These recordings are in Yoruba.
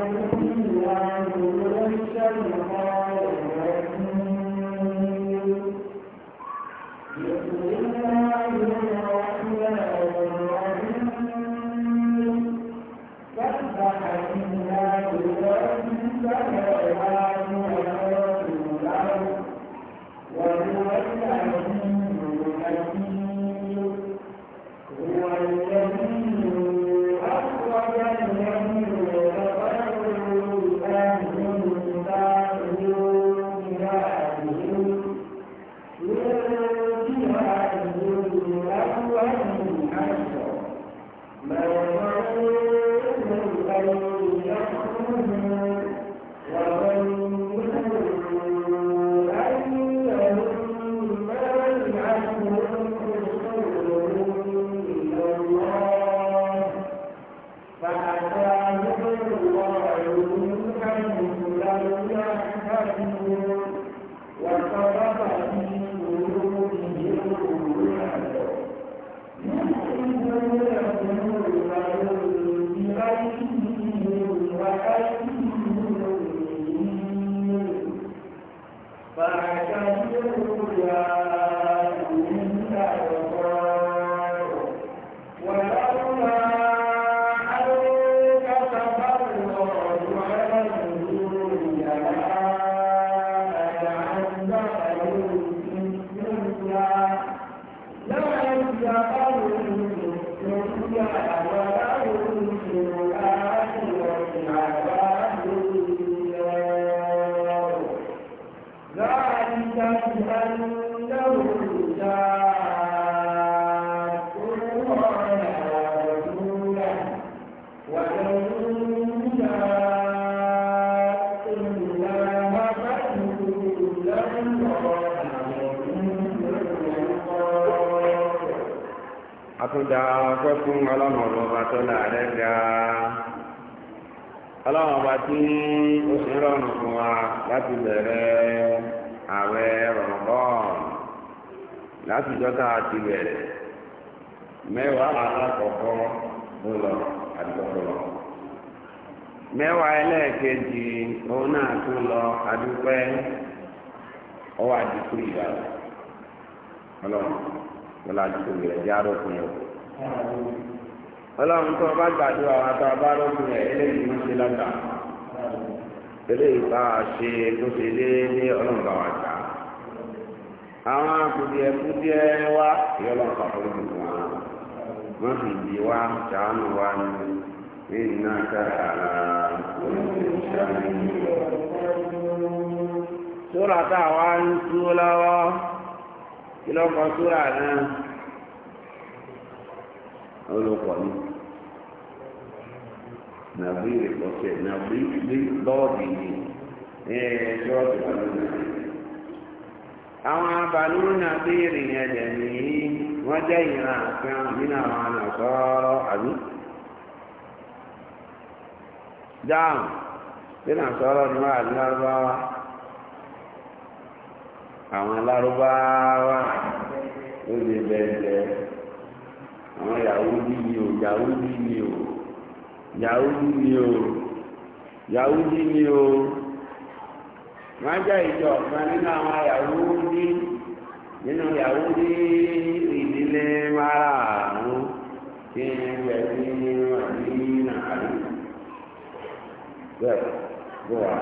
ọ̀rọ̀ ọ̀rọ̀ لا يا dá ọpẹ́ fún ọlọ́run ọba tó láàrẹ ga ọlọ́run ọba tí ó ṣe rọrùn fún wa láti bẹ̀rẹ̀ ààwẹ̀ rọ̀mọ́bọ́ọ̀n láti jọ́ta àti bẹ̀rẹ̀ mẹ́wàá alákọ̀ọ́kọ́ ló lọ àdúgbò mẹ́wàá ẹlẹ́ẹ̀kejì òun náà tún lọ àdúgbò ọwọ́ àdúgbò ìyá ọlọ́run ọlọ́run tó bá gbàdúrà wa tó bá rọ́ọ̀kù rẹ̀ eléyìí ló ṣe lọ́gbà eléyìí bá a ṣe tó ṣe ní ọlọ́run bá wa gbà àwọn wọ́n fi ìdí wa ṣàánú wa ní kára ń lọ́wọ́ kí lọ́kọ̀ náà. olùkọ́ ni nàbí ìrìkọ̀tẹ̀ nàbí bọ́ọ̀dì ni ẹ̀ẹ́ ṣọ́ọ̀tì balùwẹ̀ àwọn balùwẹ̀ na ìrìyẹn dẹ̀ nìyí wọ́n jẹ́ ìran kan nínú àwọn ànàsọ́rọ̀ àbí dáhùn bí nàsọ́rọ̀ ni wọ́n àdúrà lọ́wọ́ àwọn alárúbáwá ló lè bẹ̀rẹ̀ àwọn Yahudi ni o Yahudi ni o Yahudi ni o Yahudi ni o wọ́n jẹ́ ìjọ kan nínú àwọn Yahudi nínú Yahudi ìdílé mara àrùn tí ń bẹ ní ọdínà àrùn bẹ́ẹ̀ bọ wà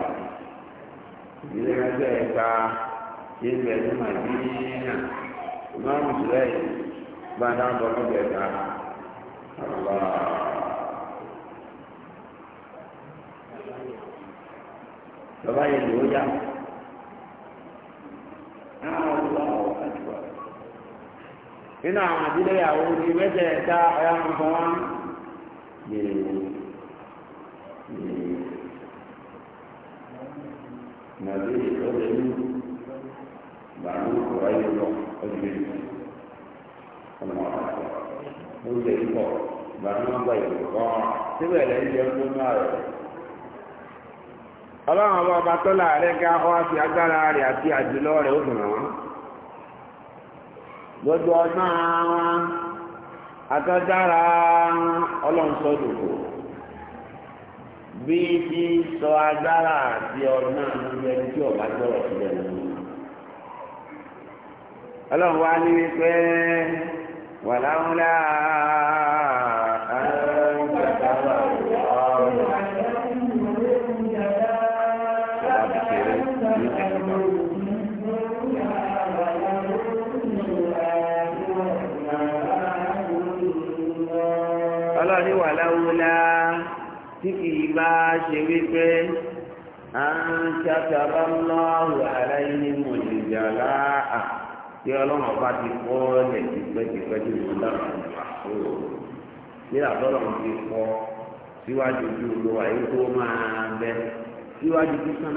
ìdílé ẹgbẹ́ ẹ̀ka tí ń bẹ ní ọdínà ìmọ̀ àmùsùlẹ̀ yìí bá dáhùn bọ́ lọ́jọ́ ẹ̀dá ọ̀la. bàbá yẹn ló yá ah, nínú àwọn àdílé ìyàwó ní mẹ́tẹ̀ ẹ̀ta ọ̀yá nǹkan wá nàbí ọ̀rẹ́ ìlú bàánú ọ̀rẹ́ ìlú ọ̀dùnmẹ́rin. ọmọ jẹ ikọ̀ gbanagba ọlọ́run ọba ọba tọ́lá rẹ̀ ga ọ́ àti agbára rẹ̀ àti àjùlọ rẹ̀ ó dùn wọ́n. gbogbo àwọn sọ bí sọ agbára àti ọba gbọ́rọ̀ sílẹ̀ ọlọ́run wá ní ولولا أن كتب الله ọlọ́ni wà láwúlá tí kì í bá ṣe wípé a ń ṣàtàbá mọ́ àwọ̀ aláìní mọ̀lẹ̀jà láà pé ọlọ́run ọba ti kọ́ ẹ̀ tipẹ́tipẹ́ ló dára ẹ̀ pàtó nígbà tó ọlọ́run ti kọ́ síwájú ju olówó ayé tó máa bẹ síwájú ti lè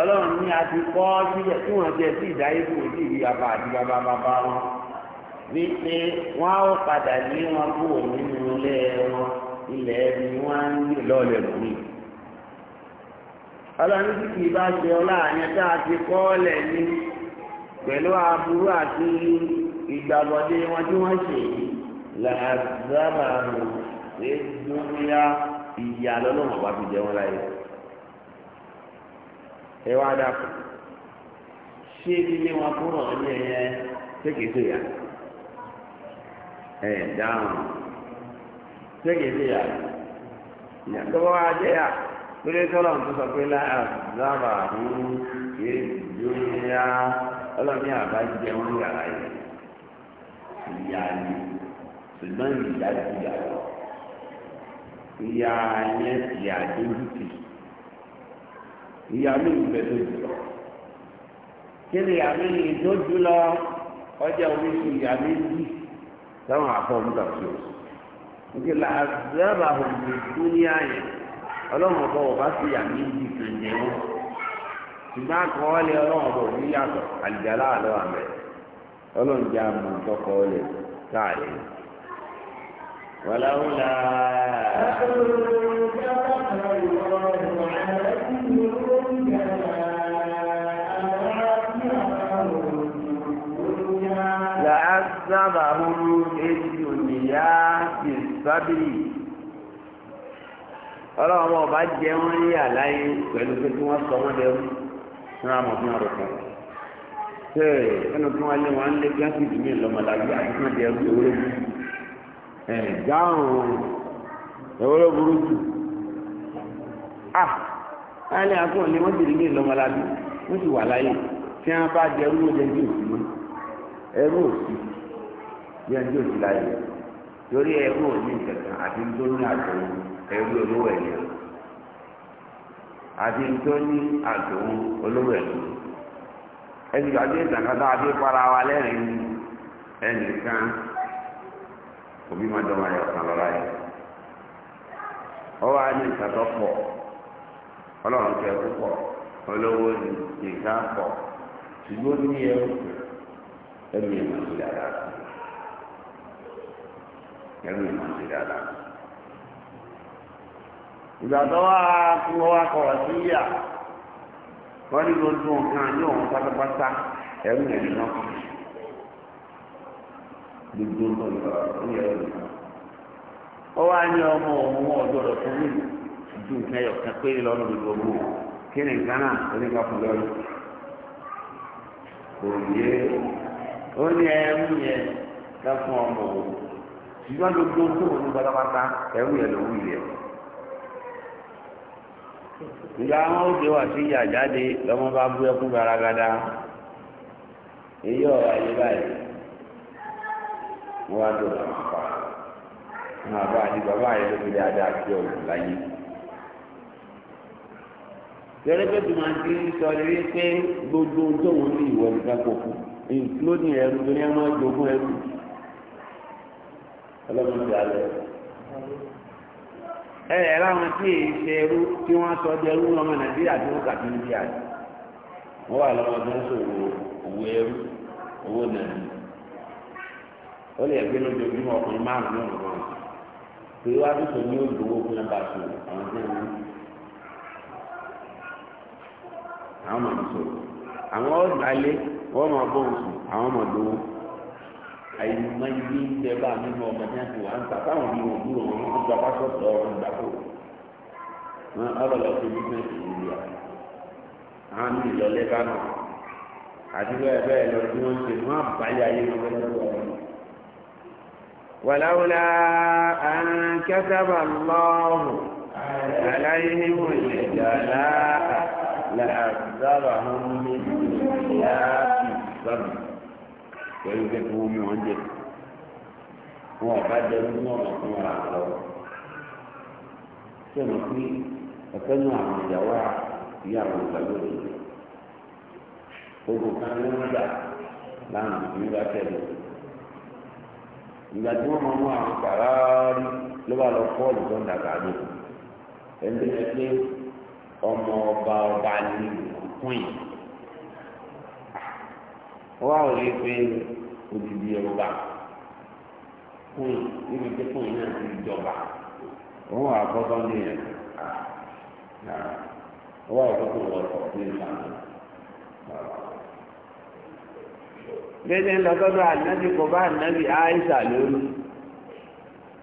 ọlọ́run ní a ti kọ́ síbẹ̀ tí wọ́n jẹ sí ìdáyé fún òjì ìdí àti bàbá bàbá wọn ó padà ní wọn kú nínú ilé wọn ilẹ̀ á pẹ̀lú aburú àti ìgbàgbọ́dé wọn tí wọ́n ṣe làzábà ṣe dúnmíyá ìyá lọ́lọ́mọ̀ bá fi jẹ láyé. ẹ wá dàpọ̀ ṣé nílé wọn kúrò ní ẹ̀yẹ sékèéṣeyà ẹ̀ dáhùn sékèéṣeyà ìyàtọ̀ wá jẹ́ yà lórí tó sọ pé láàzábà ń ṣe dúnmíyá. ọlọ́ni àbá jẹ wọn yàrá yẹ ìyá ni ṣùgbọ́n ìyá ti yà lọ ìyá yẹn ti yà dójútì ìyá mi bẹ tó jù lọ kí ni ìyá mi ń tó jù lọ ọjà oríṣi ìyá mi ń jì táwọn àfọwọ́mùtà sí o nígbà láàbà òun ní dúníà ọlọ́run ọ̀bọ̀ ọ̀bá sí ìyá mi ń jì kàn jẹ́ wọn ṣùgbọ́n àkọọ́lẹ̀ ọlọ́run bò ní yàtọ̀ àlìjálá àlọ́ àmẹ́ ọlọ́run jẹ́ àmọ́ tọkọọ́lẹ̀ káàlẹ́ wàláwùlà. لأعذبهم في الدنيا بالصبر ọlọ́run ọba jẹ́ wọ́n ní àlàyé pẹ̀lú pé kí wọ́n sọ wọ́n lẹ́rú náà mọ̀ fún àròkọ. Ṣé ẹnu tí wọ́n lé wọn ń lé gáàsì ìdílé lọ́mọláyé àti fún ẹ̀dẹ̀ ẹ̀rú ewúrẹ́ burú. Ẹ̀ dáhùn ewúrẹ́ burú jù. À láyé àtúntò ni wọ́n ti rí ní ìlọ́mọláyé wọ́n sì wà láyé tí wọ́n bá jẹ ẹrú lóde ní òsì mọ́. Ẹrú òsì bí ẹni òsì láyé. Torí ẹrú òní ìtẹ̀kàn àti nítorí àjọyọ̀ ẹrú olówó ẹ̀yẹ. àti tó ní àtòun olówó ẹ̀kọ́ ẹni gbàgbé ìtàkàtà àti para wa lẹ́rìn ẹnìkan òbí máa dọ́mọ ayọ̀ kan lọ́la yẹ ọwọ́ àti ìtàkọ́ pọ̀ ọlọ́run kẹ́ púpọ̀ olówó ni nìkan pọ̀ ṣùgbọ́n ní ẹ̀mí ìmọ̀ sí dáadáa ẹ̀mí ìmọ̀ sí dáadáa. ìgbà tó wá kú wá sí yà wọ́n ní gbogbo ọ̀kan ní òun pátápátá ẹ̀rù ẹ̀rù náà gbogbo nǹkan ní ẹ̀rù náà. ó wá ní ọmọ fún mi ju nǹkan ẹ̀yọ̀ kan lọ́nà gbogbo òun kí ni fún lọ́rùn. kò yé ó ní ẹ̀rù yẹn ọmọ ṣùgbọ́n gbogbo pátápátá ẹ̀rù yẹn ìgbà àwọn òde wà sí ìyà jáde lọ́mọ bá bú ẹkún gbaragada èyí ọ̀rọ̀ ayé báyìí wọ́n wá dùn àwọn àpá àwọn àbá àti bàbá yẹn ló fi lé adá àti ọ̀rọ̀ láyé. Yọ̀rọ̀ pé tí màá ti sọ lórí pé gbogbo ohun tó wọ́n ní ìwọ nìkan kò kú. Ìkúlódì ẹrú tó ní ẹmọ ìjogún ẹrú. Ọlọ́run ti alẹ́. ẹ a tí èyí ṣe ẹrú tí wọ́n sọ di ẹrú ọmọ nàìjíríà tí wọ́n kàtí níbi àjò wọ́n wà lọ́wọ́ tó ń sòwò owó ẹrú owó nàìjíríà ó lè gbé lójoojúmọ́ ọkùnrin márùn-ún náà lọ́wọ́ pé wá tó sọ ní fún àwọn sọ àyìnbó yìí ń bẹ bá nínú ọmọ ní àti wà ń ta táwọn ní wọn dúró wọn wọn gba pásọtọ ọ̀rọ̀ ìgbà tó wọn ọlọlọ tó ní fún ẹsẹ̀ ìlú yà àwọn ní ìlọlẹ bá nà àti bẹ́ẹ̀ bẹ́ẹ̀ lọ tí wọn ṣe wọn àbáyé ayé wọn bẹ́ẹ̀ lọ wọn. ولولا أن كتب الله عليهم الجلاء لعذبهم في الدنيا بالصبر pẹ̀lú pé kí wọ́n mú wọn jẹ ọba jẹ nínú ọ̀nà fún wọn àlọ́ tí pé ọ̀pẹ́ nù àwọn ìyàwó ìyá àwọn ìgbàgbọ́ òdòdó kan gbà tẹ̀lé ìgbà tí wọ́n máa mú àwọn ló bá lọ fọ́ tó ń dàgbà ọba ọba kún wọ́n á rí i pé òdìdí ọba kùn níbi tí kùn náà ti jọba wọ́n wà kọ́kọ́ ní ẹ̀ wọ́n wà kọ́kọ́ wọ́n sọ ní ìlànà. Dédé lọ́sọ́dọ̀ ànábì kò bá ànábì Aisha lórí.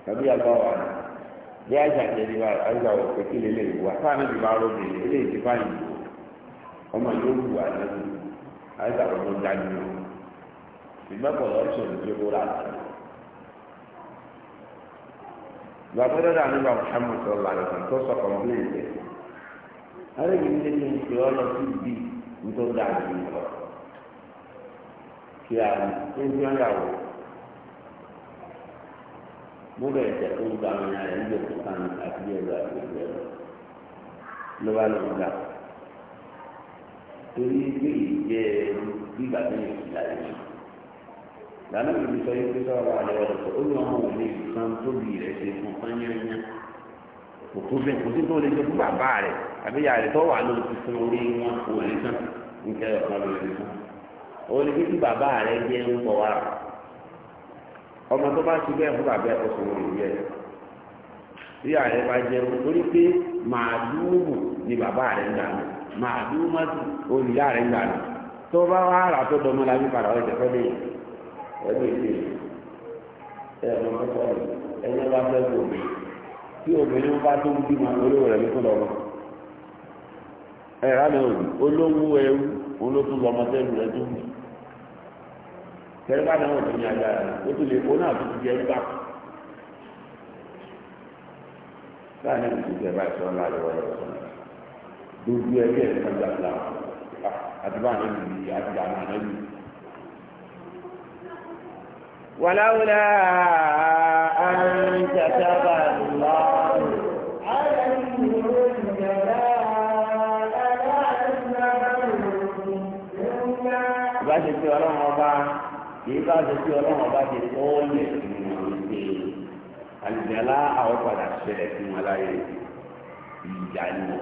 Tàbí àbá wà Bí Aisha kẹ́lí wa Aisha wọ̀ kí lè lè wà. Fáànù ti bá rọ́bì lè lè ti bá yìí. yóò wù ànábì. àyíká gbogbo dájú o ìgbàgbọ́ lọ́sọ̀rọ̀ ní gbogbo rà sí. gbàgbọ́dọ̀ dà nígbà Muhammad sọ̀rọ̀ àlẹ́ kan tó sọ kọ̀m̀pléyìn rẹ̀ alẹ́yìn ní ní ìpè ọ́ lọ sí ibi nítorí dájú lọ kí a ní ní ọ̀yàwó mo bẹ̀rẹ̀ tẹ̀ tó ń gba àwọn ará ẹ̀ ń gbèsè kan àti bí ẹ̀rọ àti ìgbẹ́rọ ló bá lọ́ọ́ gbà. torí pé ìjẹ gbígbà tó yẹ kí láyé lànà sọ yìí pé àlẹ́ ọ̀rọ̀ ó ní ọmọ òun lè san tóbi rẹ̀ ṣe fún pányányá ọzọ bẹ́ẹ̀ kò sí tó lè ṣe fún bàbá rẹ̀ àbí ìyá rẹ̀ tó wà ló ti san orí wọn kò san san ó kí bàbá rẹ̀ jẹ́ ń bọ̀ màdúmọ́tì olùyá rẹ̀ gbà ní tó bá wà rà tó dọmọ la bí padà ọ̀jẹ̀ fẹ́ lè ẹni ìdè ẹ̀ ẹ̀ lọ́wọ́ sọ̀rọ̀ ẹni bá fẹ́ bò mí tí obìnrin bá tó ń bímọ olówó rẹ̀ ló tún lọ́wọ́ ẹ̀ rálẹ̀ òbí olówó ẹrú òun ló tún lọ́mọ tó ń bì tẹ́lẹ̀ bá náà wọ̀nyí agbára ó tún lè kó náà tó ti jẹ́ nígbà láàrin ìdíje bá ìṣọ́ ńlá rẹ̀ wọlé ọ̀sán gbogbo ẹgbẹ́ ìtajà ìlà àdúrà nínú ìyá àdúrà náà nínú. ولولا أن كتب الله عليهم الجزاء láti fi ọlọ́run ọba kìí bá ti fi ọlọ́run ọba ti tó lè fún wọn ṣe àlùjẹ́lá àwọn padà ṣẹlẹ̀ fún wọn láyé ìyá ni wọn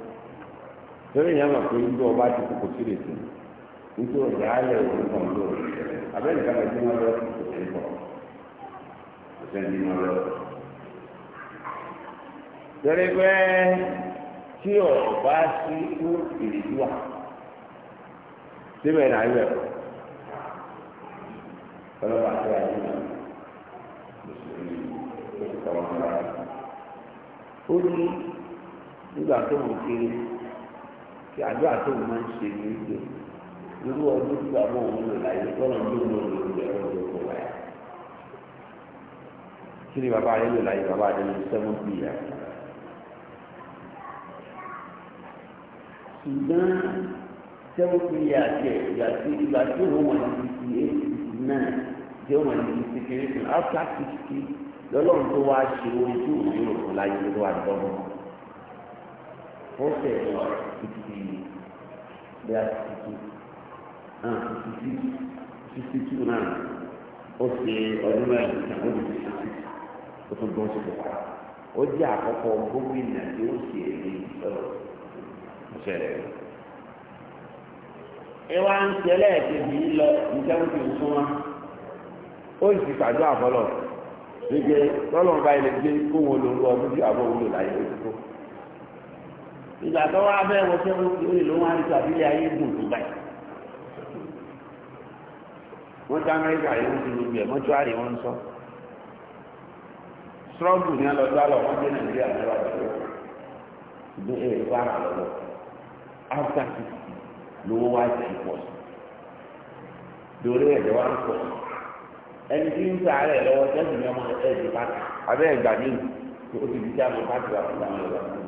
torí ìyá máa pé ọba ti kókò sí lè sùn ọjà ayẹ òun kan ló abẹ́rẹ́ ìka lọ lọ. torí pé tí ọba sí kú wa síbẹ̀ náà yẹ ọlọ́pàá tó mùsùlùmí ó ti ọ́ nígbà tó mú kiri. kí àdúrà tó máa ń ṣe ní ìgbè irú ọdún tí bàbá òun lò láyé tọ́lọ̀ ń dúró lòlò ìgbẹ́rọ ló kò wáyà kí ni bàbá rẹ lò láyé bàbá rẹ lò sẹ́wọ́n bí ìyá ṣùgbọ́n sẹ́wọ́n bí ìyá jẹ ìgbà tí ìgbà tí òun wà ti eighty nine jẹ́ òun wà ní ti kékeré kan after sixty lọ́lọ́run tó wá ṣe orin tí òun yóò lò láyé ló wà ó tẹ̀lé títí bí a ti tu hàn títí o si náà ó ṣe ọdún mẹ́rin ní àwọn olùdíje títí gbọ́n síbò pa ó jẹ́ àkọ́kọ́ gómìnà tí ó ṣe èyí sọ̀rọ̀ ìṣẹ̀lẹ̀ rẹ̀. ẹ wá ń ṣe ẹlẹ́ẹ̀kejì yìí lọ ti ó sì pàdé àbọ̀lọ̀ ilé gbé kó wọn ìgbà tó wá bẹ́ẹ̀ wọ́n tẹ́ wọ́n lè ló wọ́n á nípa ayé gùn tó báyìí. wọ́n dá amẹ́ríkà yìí wọ́n ti lu ibẹ̀ mọ́túárì wọn sọ. sọ́ọ̀bù ní alọ́dọ́ àlọ́ wọ́n dé nàìjíríà lọ́wọ́ àdúgbò ìgbé ẹ̀ wá rà lọ́wọ́ áfíà sixty lówó wá jẹ́ pọ̀ lórí ẹ̀jẹ̀ wá ń pọ̀ ẹni tí ń ta àárẹ̀ lọ́wọ́ tẹ́sí ní ọmọ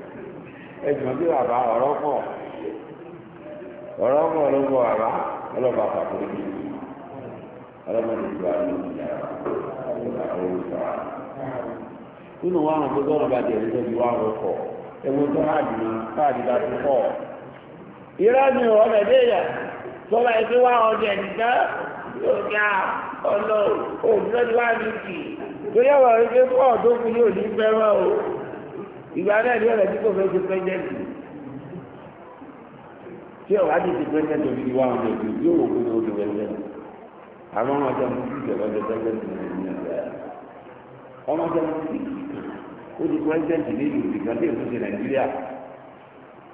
ẹ̀jọ̀ bí bàbá ọ̀rọ̀ pọ̀ ọ̀rọ̀ pọ̀ ló ń bọ̀ bàbá ọlọ́pàá pàtó ọlọ́mọdé ìlú àwọn ìyá àwọn olùkọ́ nínú wa àwọn tó gbọ́dọ̀ bá jẹ́ ẹ̀jọ̀ bí wà wọ́pọ̀ ẹ̀wọ̀n tó háàdì náà káàdì bá tó pọ̀ ìrọ́ mi ò ọ̀rẹ́ déyà tọ́lá ẹgbẹ́ wá ọdẹ nìkan yóò dá ọlọ́ọ̀ òdúró ti wá ní kì í tó yẹ wọ̀ ẹgbẹ́ pọ̀ tó kú yóò ní fẹ́ràn o. ìgbà náà ni ọ̀rẹ́ tí kò fẹ́ ṣe pẹ́ńtẹ́ǹtì tí ọ̀rọ̀ àti ṣe pẹ́ńtẹ́ǹtì òbí ni wà wọn lè yóò wò kúrò ojú ẹgbẹ́ àwọn ọmọ ọjọ́ mú kíkì ọ̀rọ̀ ọjọ́ pẹ́ńtẹ́ǹtì nàìjíríà ọmọ ọjọ́ mú kíkì ó di pẹ́ńtẹ́ǹtì ní ìlú ìgbà tí èso ṣe nàìjíríà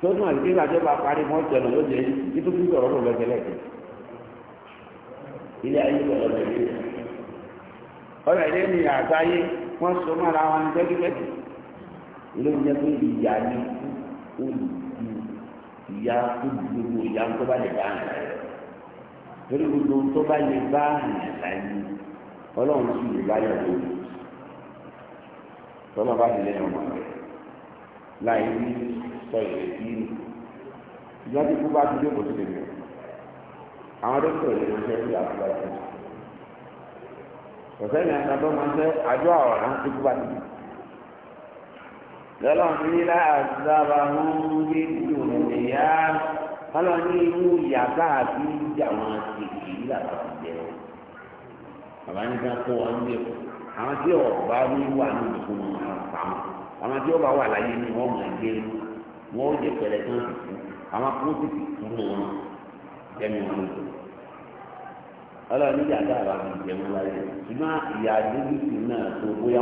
tó tún àti bá parí lóde olóyún jẹ́ pé ìyá ni olùdí ìyá olùdókòwò ìyá tó bá lè bá àyàn láyé torí gbogbo tó bá lè bá àyàn láyé ọlọ́run sì lè bá yàn lórí tọ́lá bá ti lẹ́yìn ọmọ rẹ̀ láì ní sọ ìrètí nù ìyá tí kú bá ti dé kòtò lèmi àwọn dókítà yìí ló ń fẹ́ sí àbúrò àti ọ̀sẹ̀ yẹn àtàbọ̀ máa ń fẹ́ àjọ àwọn àti kú bá ti dé. lọ́lọ́run ní láàzára ń gbé dùn níyà ní ìyá ìjà wọn ti làbà ti bàbá ní ká kó wọn lé o àwọn tí ọba ní wà ní ìdókòwò wọn pa wọn àwọn tí ọba wà láyé ọrụ wọn mọ ẹgbẹ́ wọn ó jẹ pẹ̀lẹ́ tán ti kú àwọn kó ti kú mọ wọn jẹmi wọn lò. láyé ìyá àdébìtì náà tó bóyá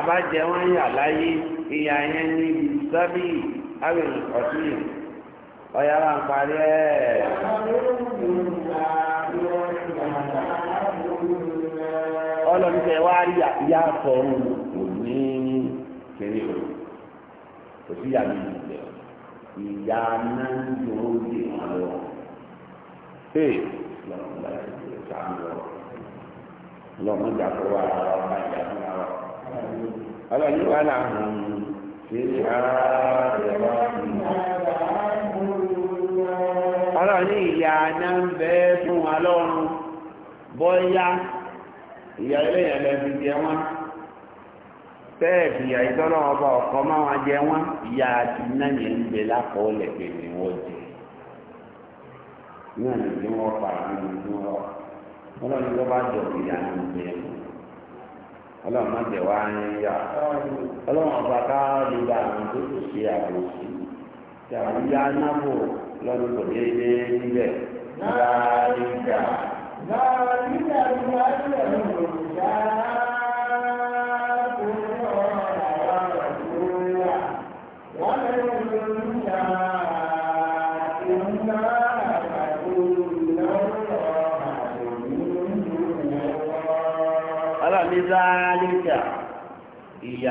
àbá jẹ wọ́n yà láyé ìyà yẹn ní sábì àwọn ọ̀sìn ọ̀yà wa ń parí ẹ̀. ọlọ́mísẹ̀ wá rí ìyá sọ̀rọ̀ kò ní kéré o kò sí ìyá mi ìyá náà wọn lọ. lọ́mọdé ọlọ́run wà láàrú ọlọ́run ìyá aná fún wa lọ́rùn bọ́yá ìyá eléyàn lẹ́bi jẹ wọ́n ọba ọ̀kan máa jẹ wọ́n ìyá àti náà ń bẹ wọ́n jẹ ní jọ ọlọ́run má jẹ́ wá yá ọlọ́run ọba ká lè gba àwọn tó kò ṣe àbòsí tí àwọn yá nábò lọ́nà kò déédé níbẹ̀. láàrín ìjà láàrín ìjà ìwádìí ẹ̀rọ ìjà.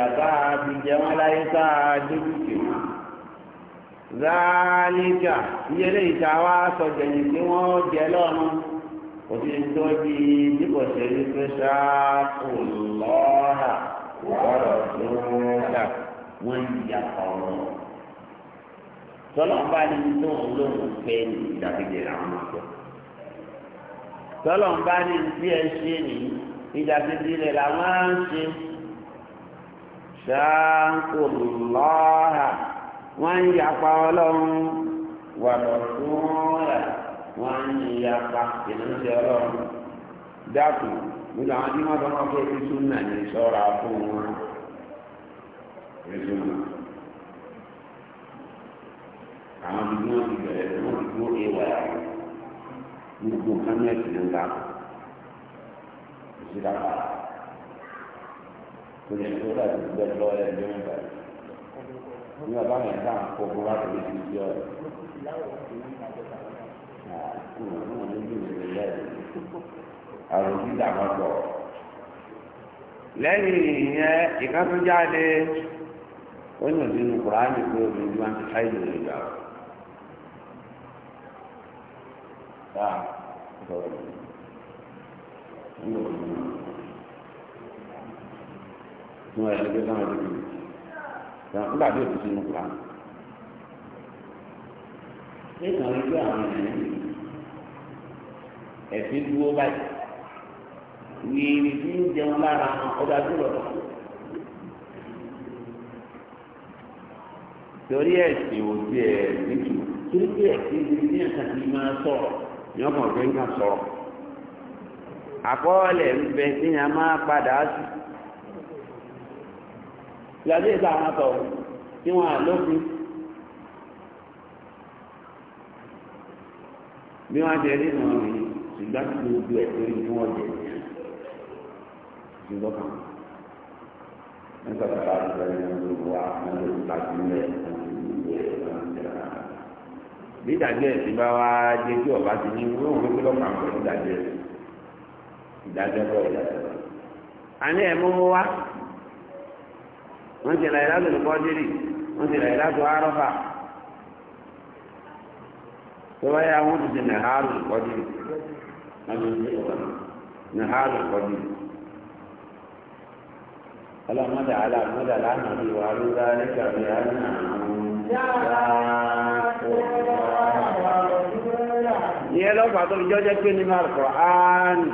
ìyà bá a fi jẹ wọn láyé tá a dójú tì wọn. Záálíkà iye lè ta wá sọ jẹ̀yìn tí wọ́n jẹ lọ́nu. Òfin tó di dípò ṣe ní pé ṣáàkù lọ́ọ̀hà wọ́rọ̀ tó dà wọ́n yà ọ̀rọ̀. Tọ́lọ̀ bá tó ń lóun fẹ́ ní ìdàkejì làwọn ọ̀ṣọ́. Tọ́lọ̀ bá tí ẹ ṣe ní ìdàkejì rẹ̀ làwọn á ń ṣe. ṣáàkùnlọ́ha wọ́n ń yapa ọlọ́run wà lọ́sùnúnrà wọ́n ń yapa ìrìnsẹ̀ ọlọ́run dákùn nínú àwọn tí wọ́n tọ́ wọn pé ìṣúná náà ní sọ́ra fún wọn àwọn ti bẹ̀rẹ̀ wọ́n ti kò lè tó bá ti lọ ẹ ní ìgbà ní ọba mi ká ń kó bó bá lè fi yọ ẹ. àrùn dídà máa lẹ́yìn ìyẹn ìkàtúnjáde ó ní kùránì pé obìnrin máa ń ti ṣáìlì rẹ̀ gbà ó. Tá, sọ̀rọ̀. Ń lò ó. fún ẹlẹgbẹ́ náà lórí ìgbà nígbà tí òkú sínú kura nígbà tí àwọn ènìyàn ẹ̀sìn dúró báyìí wíìrì tí ń jẹun lára ọjà tó lọ tó torí ẹ̀sìn ẹ̀ torí pé ẹ̀sìn ní ẹ̀ka tí máa ní ọkàn àkọọ́lẹ̀ ń bẹ a máa padà ìyàdé ìta àwọn tí wọ́n àlófin bí wọ́n jẹ nínú ọ̀rìn ṣùgbọ́n tí gbogbo ẹ̀ tó ní wọ́n ṣùgbọ́n kan nígbà tí a ní gbogbo wa wọ́n lè ta sí ilẹ̀ bí ìdájọ́ ẹ̀sìn bá wá dé tí ọba ti ní wọ́n lọ́kàn pẹ̀lú ìdájọ́ ẹ̀sìn ìdájọ́ bọ̀ ìdájọ́ àní wá wọ́n ti rà ìlàtò lùkọ́dírì wọ́n ti rà ìlàtò arọ́fà tó bá yà wọ́n ti di nàhálù lùkọ́dírì nàhálù lùkọ́dírì ọlọ́mọdé aláàmọ́dé aláàmọ́ bíi wà lóra nígbà bí a ní ìyẹn lọ́pàá tó fi jọ́jẹ́ pé nínú àlùkò áánì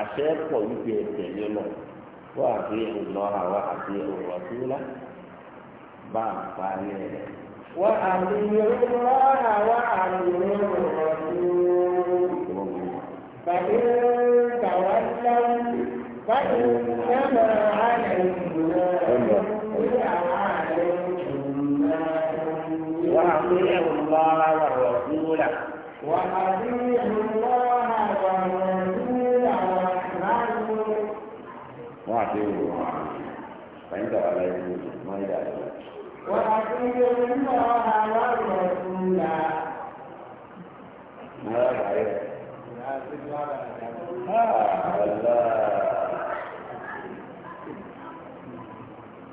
àṣẹ pọ̀ wípé ẹ̀tẹ̀lé lọ́wọ́. وأطيعوا الله وأطيعوا الرسول بعد فعليه وأطيعوا الله وأطيعوا الرسول فإن تولوا فإنما عليكم وأطيعوا الله والرسول وأطيعوا وأطيعوا معاذ فإن توليتم من يدعو وأطيعوا الله والرسول ماذا عليك؟ ها والله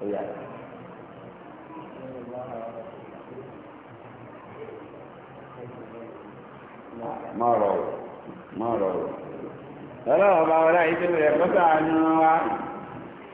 Yeah. ما رأوا ما رأوا فلا وضع ولا يتبع قطع نوع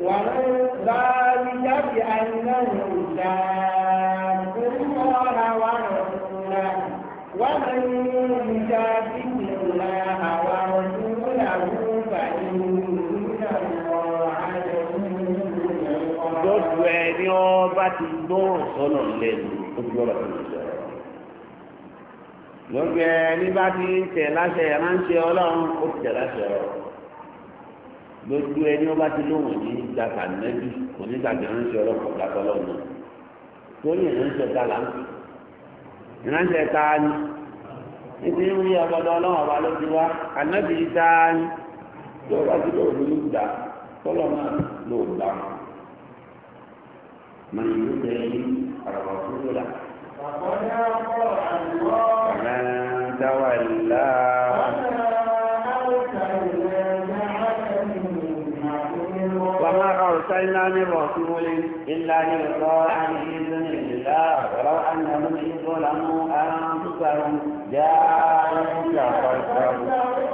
ومن ذلك بأنه شاق الله ورسوله ومن يشاقق الله ورسوله Gbogbo ẹni ọba ti gbọ́ràn sọ́nà lẹ́nu ó fi ọ̀rọ̀ tó ṣe. Gbogbo ẹni bá ti ń tẹ̀ láṣẹ ìránṣẹ́ Ọlọ́run ó ti tẹ̀ láṣẹ ọ̀rọ̀. gbogbo ẹni wọn ti lóhùn ní gbàgbà nẹbi onígbàgbà ránṣẹ́ ọlọpàá gbàgbà lọnà torí ta là ń pè ta ni rí ọgbọdọ ọba ló ti wá ànábì ta ni tó bá ti lóhùn ní gbà tọlọ náà ló gbà mọ ìlú tẹ ẹni àràbà fúlọ là. àkọ́jà أرسلنا من رسول إلا عن إذن الله ولو أنهم إذ ظلموا أنفسهم جاءهم فاستغفروا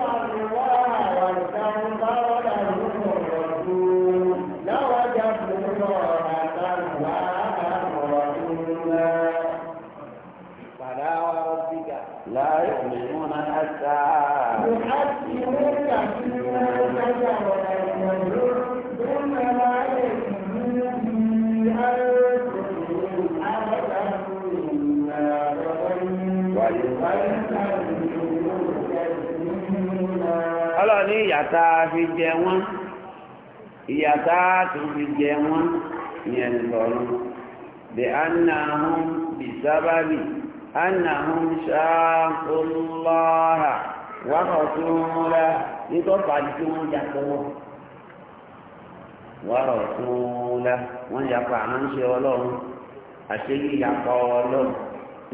ìyàtá fi jẹ wọ́n ìyàtá tún fi jẹ wọ́n ìyẹn lọ́rùn bí annahum bí sábàbí annahum ṣáàkùnlọ́ra wákọ̀túnra nítọ́fà tí wọ́n yàtọ̀ wọn wákọ̀túnra wọ́n yàtọ̀ àránṣẹ́ ọlọ́run àṣẹ́yí yàtọ̀ ọlọ́run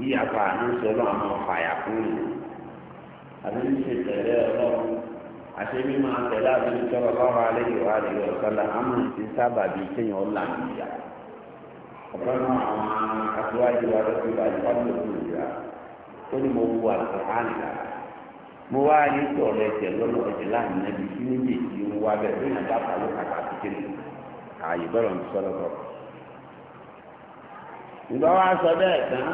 yíyàtọ̀ àránṣẹ́ ọlọ́run àwọn ọ̀fà yàtọ̀ àránṣẹ́ tẹ̀lé ọlọ́run àti mímọ àtẹlẹ àbílí sọ̀rọ̀ lọ́wọ́ alẹ́ ìwà àdìgbò ọ̀sánlá àmọ́ ti sábà bíi kéèyàn ọ̀là nìyà ọ̀pọ̀ náà àwọn aṣíwájú wa ló ti bàjẹ́ wá lóko ìyá ó ní mo wu àtàlà mo wá ní sọ̀rọ̀ ẹ̀jẹ̀ lọ́nà ẹ̀jẹ̀ láàrin ẹbí tí méjèèjì ń wá bẹ́ẹ̀ lóyún àgbà pàlú kàkà kékeré ààyè bọ́lọ̀ ń sọ̀rọ̀ bọ̀. ìgbà wa sọ bẹ́ẹ̀ tán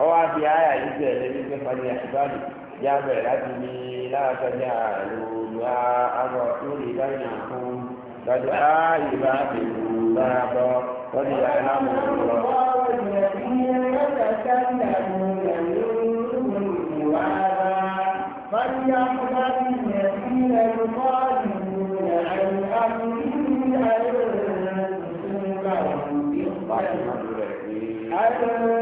ọwọ́ àfi àyà yìí bẹ̀rẹ̀ ní pẹ́fà ní àṣìbáàdì yá bẹ̀rẹ̀ láti ní láàtọ́jà lòlùwà àbọ̀ lórí ìdáyà fún gbàdúrà ìbá àbẹ̀wò bá a bọ̀ lórí aláàmú lọ. فليحذر الذين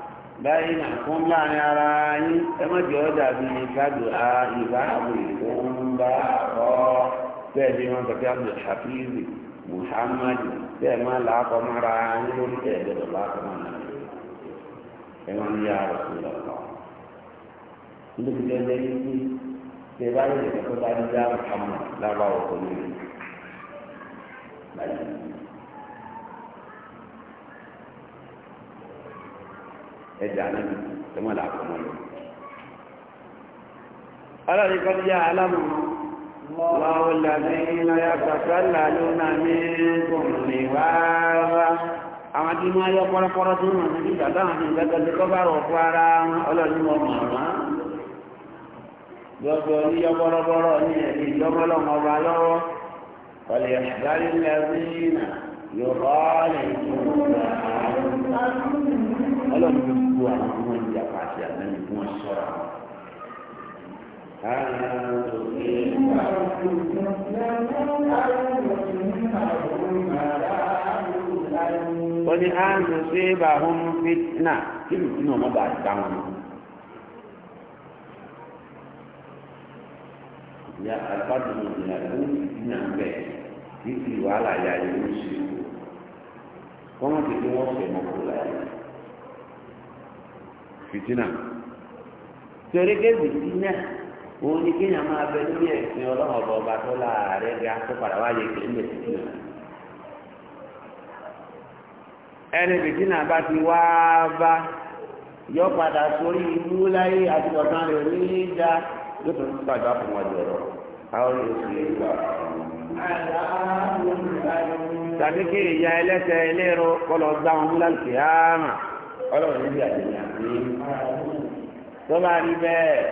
báyìí náà fún láàrin ara yín ọjà bí a ìbá àbò ìgbóhùnbá ọ̀ bẹ́ẹ̀ ni wọ́n tọ́jú bụ ìṣàfihàn muhammadu bẹ́ẹ̀ máa làákọ̀ mọ́ra yín lórí ẹ̀ẹ́dẹ̀dọ̀ làákọ̀ mọ́ra ẹ̀wọ̀n ní lọ. nítorí ṣe báyìí lè bá ẹja náà ẹ mọ̀ làkọ̀ mọ́ lọ. ọlọ́run kọ́ bí alámù lọ́wọ́ làbí lọ́yà pàṣẹ làlú náà ní kòmìnì wáwá àwọn tí wọ́n yọ pọ́rọ́pọ́rọ́ tó mọ̀ sí ìgbà táwọn ti gbẹ́gbẹ́ tí bá rọ̀ fún ara wọn mọ̀ mọ̀ wọ́n gbogbo oníyọ bọ́rọ́bọ́rọ́ ní ẹ̀mí ìjọmọ́lọ́mọ ọba lọ́wọ́ ọ̀lẹ̀ ìdárí lẹ́rìnà yóò bá lè tó gbogbo àwọn tí wọ́n ń jà pàṣẹ àlẹ́mí tí wọ́n sọ̀rọ̀ àwọn. wọ́n ní àánú sí bàhún fitna kí ló fi náà wọ́n bá dá wọn. ìyá àlùfáàdùn ìjìnlẹ̀ ló ń fi dínà ń bẹ̀ títí wàhálà ìyá yìí ló ń ṣe kọ́mọ̀tì tí wọ́n fẹ̀ mọ́kò láyé. fìtínà torí pé fìtínà òun ni kéèyàn máa bẹ lórí ẹ̀sìn ọlọ́run ọba ọba tó láàárẹ̀ ga tó padà wá kí ẹ̀ ẹni fìtínà bá ti wá bá yọ padà sórí ibú láyé àti ọ̀sán rẹ̀ ní í yóò tó ń ọlọ́run níbi àdéhùn àmì tó bá rí bẹ́ẹ̀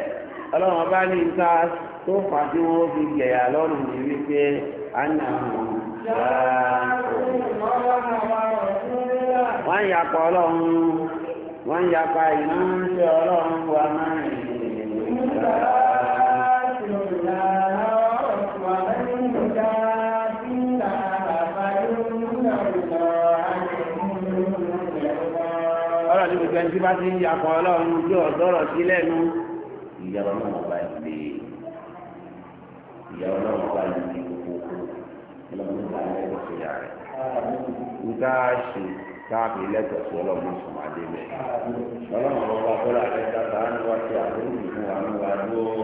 ọlọ́run ọba ní nta tó fà tí wọ́n fi jẹ̀yà lọ́rùn ní wípé a nà mọ̀ wọ́n yà pa ọlọ́run wọ́n yà pa ìránṣẹ́ ọlọ́run wa máa ń rìn ìrìn ìrìn ìrìn. ẹni tí bá ti ń ya kan ọlọ́run bí ọ̀dọ́rọ̀ sí lẹ́nu ìyá ọlọ́run ọba ìgbé ìyá ọlọ́run ọba ìgbé kókó ọlọ́run ọba ìgbé sí ìyá rẹ̀. nígbà ṣe káàbì lẹ́tọ̀ọ́ sí ọlọ́run sùn máa dé bẹ́ẹ̀. ọlọ́run ọba kọ́lá rẹ̀ dáta ń wá sí àbúrò ìfún wa ní wa dúró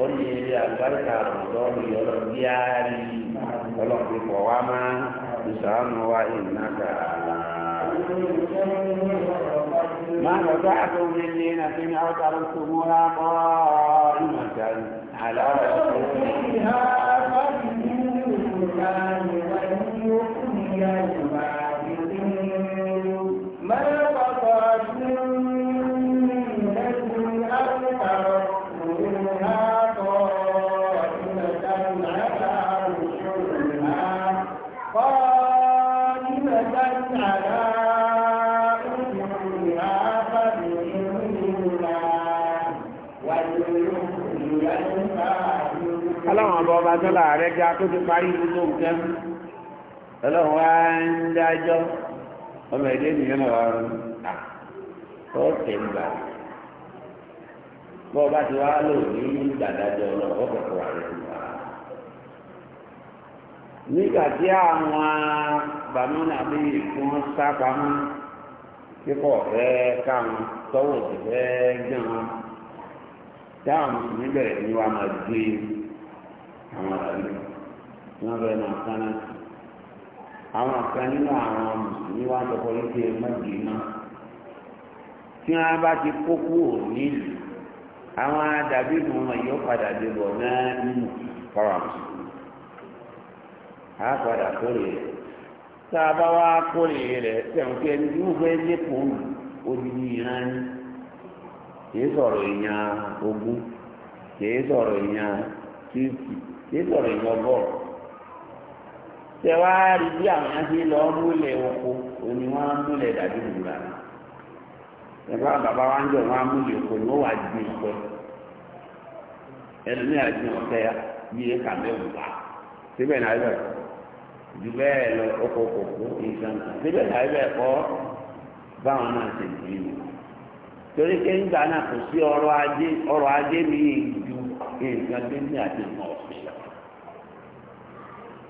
ó ní ilé àgbáríkà àbùdọ́ ọlọ́run ti ما رجعتم من لينة أو تركتموها قائمة على رسولها فإن الله يؤمن dọ́là rẹ ga tó ti parí gbogbo nǹkan ọlọ́run wá ọmọ bá ti wá ní ó wà lẹ́nu wa. nígbà tí àwọn bàmínà bíi kí kíkọ̀ káwọn sí fẹ́ wọn táwọn mùsùlùmí bẹ̀rẹ̀ ní àwọn àbí wọn bẹ máa sáná sí nínú àwọn mùsùlùmí tí bá ti kó kúrò nílùú àwọn yóò padà náà nínú mùsùlùmí padà rẹ̀ tá a bá wá rẹ̀ tẹ̀wọ́n kí ẹni tí wọ́n fẹ́ kìí sọ̀rọ̀ ìyọ̀bọ̀ tẹwàárí bí àwọn yẹn lọ múlẹ̀ oko òní ni wọ́n múlẹ̀ dàbí ìwúra ẹgbẹ́ bàbá wa ń jọ múlẹ̀ oko ni ó wà gbin ọ̀pẹ ẹlòmí mẹ́wù síbẹ̀ náà ju bẹ́ẹ̀ lọ síbẹ̀ náà kọ́ báwọn náà ṣe torí náà kò sí ọrọ̀ ajé ọrọ̀ ajé mi ju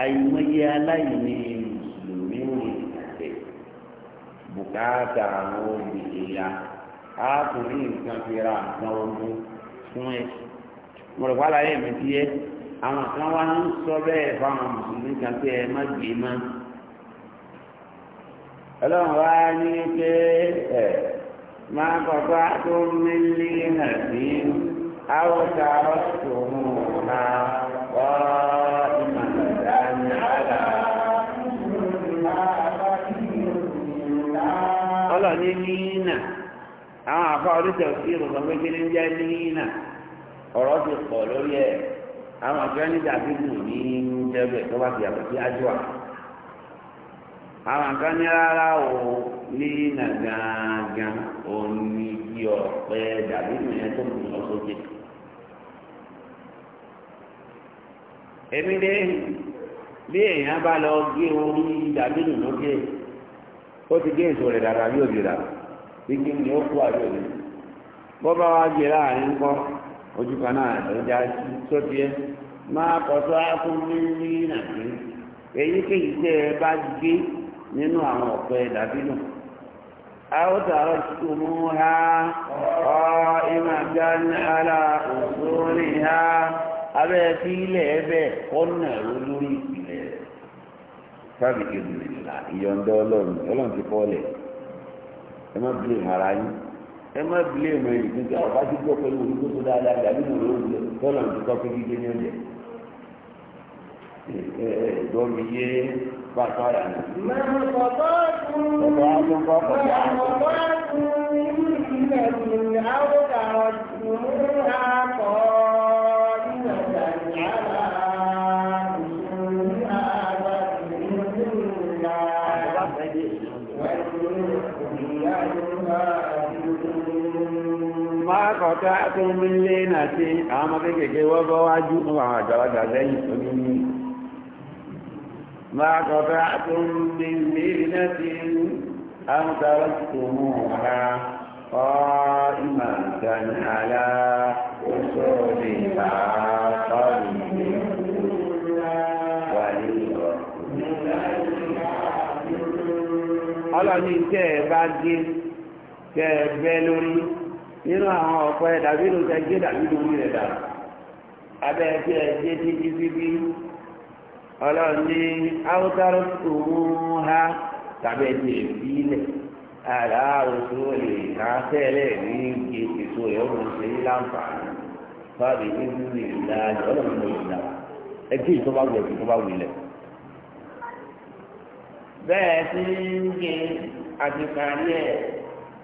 àìmọye aláìní mùsùlùmí rìn àtẹ bùkátà àwọn olùdíyà ààkùnrin nǹkan fi nǹkan ogun fún ẹ mo rò wálá yẹ mi ti àwọn kan wá ń sọ bẹ́ẹ̀ fáwọn mùsùlùmí kan pé ẹ má gbé má ọlọ́run wá ní pé ẹ máa kọ́kọ́ tó mílí hàn sí àwòká ọ̀ṣun náà ní níínà àwọn àfa oríṣi òsìrò sọ ń jẹ́ níínà ọ̀rọ̀ ti pọ̀ lórí ẹ̀ àwọn àjọ na dàbíbù ní jẹ́bẹ̀ tó bá ti yàtọ̀ sí ájúà àwọn kan ní rárá o òní ọ̀pẹ tó kù lọ sókè. èmi dé bí èèyàn bá lọ gé orí ó ti gé èso rẹ̀ dára yóò di ni ó kú àjọ yìí bọ́ bá wá láàrin ojú kan náà ló já sí sóti ẹ máa kọ́tọ́ akúnmí nàìjíríà èyíkéyìí tẹ́ ẹ bá nínú àwọn ọ̀pẹ ha ọ ìmọ̀ ara ha lórí ìpìlẹ̀ fábíkì ìdùnnú ìyọ̀ǹda ọlọ́run ọlọ́run ti kọ́ ọ̀lẹ̀ ẹ má bílé ara yín ẹ má bílé ìmọ̀ èyí pé ọba ti gbọ́ pẹ̀lú olùkó tó dáadáa gàdí mọ̀ lórí ilẹ̀ tọ́lọ̀ ti kọ́ pé gígé ní ọ̀lẹ̀ ẹ̀ẹ́dọ́ yé bàtọ́ àyà náà. mẹ́rin bàbá ọ̀tá akérèmí lé nàti àwọn ọmọ kéékèèké wọ́n bọ́ wájú fún lẹ́yìn ní lé nínú àwọn ọ̀pẹ dàbídò tẹ gé dàbídò orí rẹ̀ dà abẹ́ tí ẹ gé títí ha tàbí ẹ ti èbí ilẹ̀ àrà oṣù olè káfẹ́lẹ̀ ní igi èso ìyọ́wò ṣe ní láǹfààní ìlà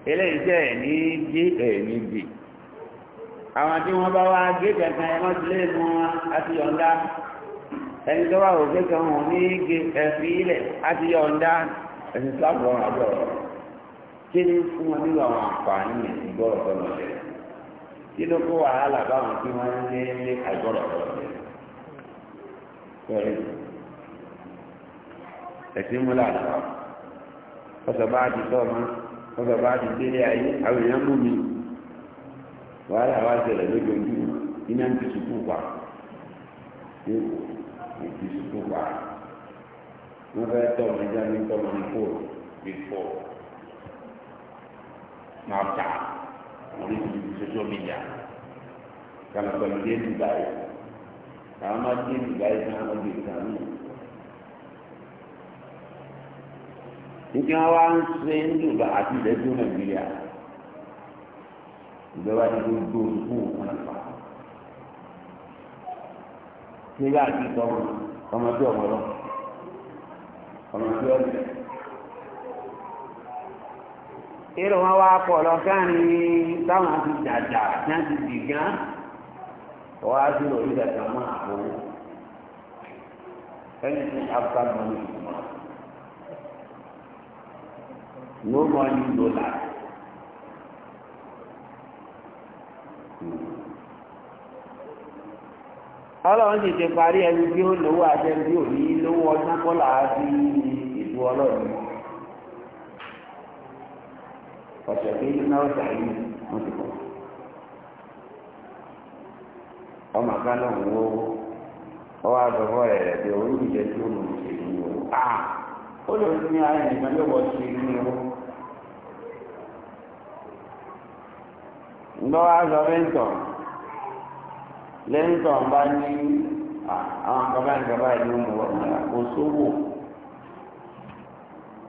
eléyìí jẹ́ ẹ̀ní jí ẹ̀ní jì àwọn tí wọ́n bá wá gé kankan ẹmọ́ sílé mú wọn àti yọ̀ǹda ẹni tó wà òkè kan wọn ní gé ẹ̀fí ilẹ̀ àti yọ̀ǹda ẹ̀sìn sáàbù wọn àbọ̀ kí ni fún wọn nílò àwọn àǹfààní ìgbọ́rọ̀ tọ́lọ̀ rẹ̀ kí ló kó wàhálà báwọn tí wọ́n ń lé ní àìgbọ́rọ̀ tọ́lọ̀ rẹ̀ ẹ̀sìn múlá ọ̀sọ̀ bá ti tọ́ ọ wọ́n sọ bá ti délé ayé àwọn èèyàn mú mi wàhálà wá ṣẹlẹ̀ lójoojú iná ń ti sùkú pa ní ti sùkú pa wọ́n fẹ́ tọ́ ọmọ ẹja ní tọ́ ọmọ ní fò ní fò máa ta orí social media kàmùkàmù dé Dubai àwọn máa dé Dubai fún àwọn ọmọ ìgbà náà. níbi wọn ń ṣe ń ba àti ìdẹ́jú nàìjíríà ìjọba ti gbogbo fún òkun àpá nígbà tí tọmọ ọmọ tí ọmọ lọ ọmọ tí ọmọ irú wọn wá pọ̀ lọ káàrin táwọn ti dàjà tí ti dì gán wọn á sí orí máa kó ẹni tí ní ìgbìmọ̀. no money no life ọlọ́run sì ti parí ẹni tí ó lówó àtẹni tí ò ní lówó ọdún kọ́lá sí ìlú ọlọ́run ọ̀sẹ̀ tí ní náà sàyé wọ́n ti kọ́ ọmọ wo ọwọ́ rẹ̀ rẹ̀ orí ìjẹ́ tí ó lòun ṣe ńgbọ́ wá sọ bẹ́ńtọ̀ lẹ́ńtọ̀ bá ní àwọn kaba ní kaba ìlú mọ̀ kò sówó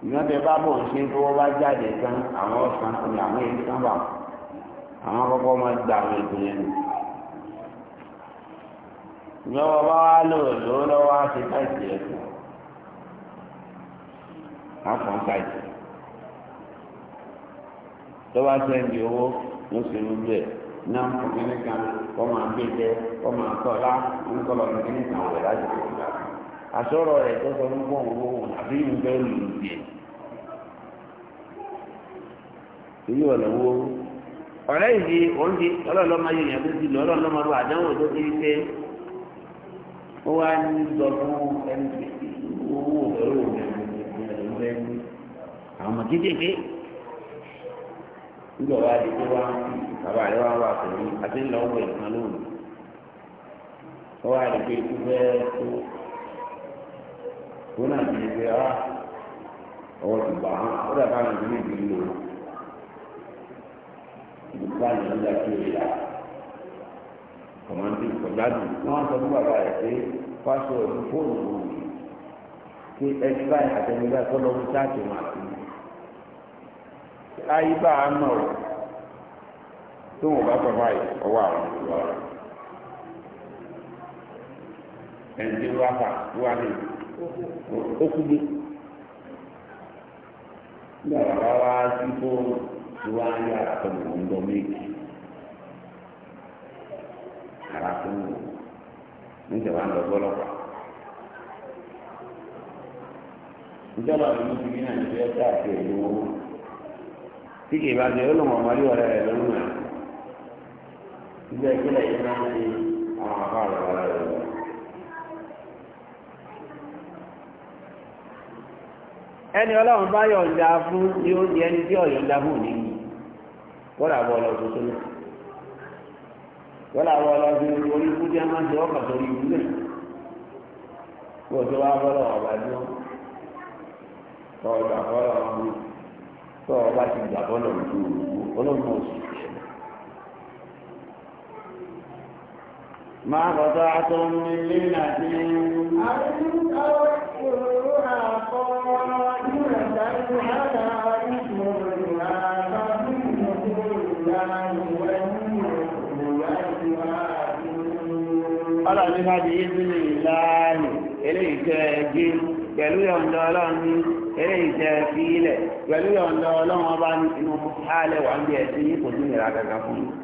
ìyọ́n tẹ bá bọ̀ ṣe tó wọ́n bá jáde tán àwọn ọ̀sán ni àwọn èyí tán bà àwọn kọ́kọ́ máa gba àwọn ètò yẹn nù. ìyọ́wọ́ bá wá lò lówó lọ́wọ́ á ṣe táìsì ẹ̀sìn á fọ́n táìsì tó bá sẹ́ńdì owó yóò ṣe ní bẹ́ẹ̀ náà ń fún kíní kan kọ́ máa gbé jẹ kọ́ máa tọ́lá ń kọ́lọ̀ ní kíní kan rẹ̀ láti kò gbà. àsọ̀rọ̀ rẹ̀ tó sọ fún bọ́ọ̀n owó àbí ń bẹ́ lù ú bìí. èyí ọ̀lẹ́ wo ọ̀rẹ́ ìdí oúnjẹ ọlọ́ọ̀lọ́mọ ayé yẹn tó ti lọ ọlọ́ọ̀lọ́mọ lọ àdánwò tó ti ṣe ó wá ní sọ fún ẹni owó ọ̀rẹ́ òun àwọn kéékèèké nígbà wá di pé wá ń fi bàbá rẹ wá wà pẹ̀lú àti ńlọ wẹ̀ lónìí wọ́n wá di pé ikú fẹ́ tó tó náà di pé á ah, ọwọ́ ti bà wọ́n ó dàbá àwọn ìdílé ìdílé lò ìdílé àná ńlá tó yẹ la kọ̀mọ́ntì kọ̀gbádùn wọ́n sọ fún bàbá rẹ̀ pé fásitì fóònù òun kí ẹni báyìí àtẹnudá kọ́ lọ́wọ́ sáàtì wọn àti láyé bá a mọ̀ ọ́ tó wọn bá sọ báyìí ọwọ́ àwọn olùwà rẹ̀ ẹ̀ǹdí wá fà wá ní okùgbé nígbà bá wá sí fún ìwà ayé àtọ̀nà ọ̀dọ́ méjì ara fún wọn níjọba ń lọ bọ́lọ́pàá. ìjọba ti ní tí kì í bá jẹ olóhùn ọmọdé ọ̀rẹ́ rẹ̀ lọ́rùn rẹ̀ ilé ìpínlẹ̀ yìí máa ní àwọn àbá rẹ̀ wọ́n rẹ̀ lọ́wọ́. ẹni ọlọ́run bá yọ̀ǹda fún ní oúnjẹ ẹni tí ọ̀yọ̀ǹda fún òní yìí wọ́n làbọ̀ ọlọ́ tuntun náà wọ́n tuntun orí máa ń ọkàn náà wọ́n wá bọ́lọ̀ bọ́lọ̀ tó o bá ti gbàgbọ́ lọ ju olóńgbò sí. ما قطعتم من لينة أو تكسروها طائرة على إثمها ọlọ́run ní fàájì yìí sí ní ìlànà eléyìí tẹ́ ẹgbẹ́ pẹ̀lú ọ̀dọ́ ọlọ́run eré ìjẹ fi ilẹ̀ pẹ̀lú ọ̀nà ọlọ́run ọba inú alẹ́ wà ń bí ẹ̀sìn yìí kò sí ìlera kankan fún yìí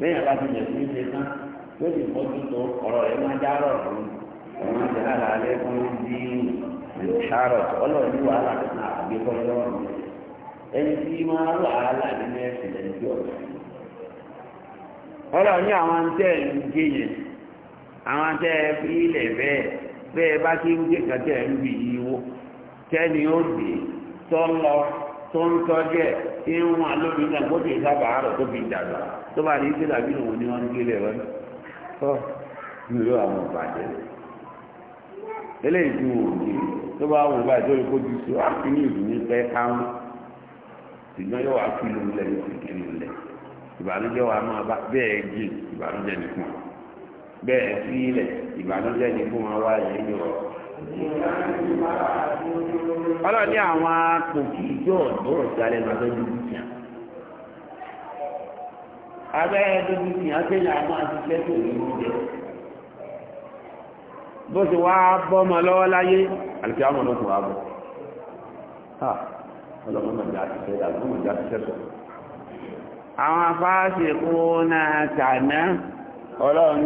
lẹ́yìn ọba ti jẹ̀sí ṣe tán tó sì fojú tó ọ̀rọ̀ rẹ̀ máa já fún fún bí ní wàhálà ẹni tí máa àhálà nínú tí ní àwọn tẹ́ni ó tọlọ, tọ́lọ tó ń tọ́jú tí ń wọn lómi náà kó tèé sábà àárọ̀ tó fi dàgbà tó bá ní ni wọ́n ń gbélé rẹ̀ ní ìlú àwọn ìbàjẹ́ eléyìí tó bá báyìí tó lè kó ju sí wa kí ní ìlú ní pẹ́ káwọn ṣùgbọ́n yóò wá kí ọlọ́run ní àwọn akpòkì yóò dọ̀rọ̀ sí alẹ́ náà lọ́jọ́ dúkìá abẹ́ dúkìá tẹ́lẹ̀ àwọn àṣìṣẹ́ tó ní oúnjẹ bó ti wá bọ́ ọmọ lọ́wọ́ láyé àti àwọn ọmọkùnrin àbọ̀ ha ọlọ́run mọ̀já àwọn afáṣekú náà kàná ọlọ́run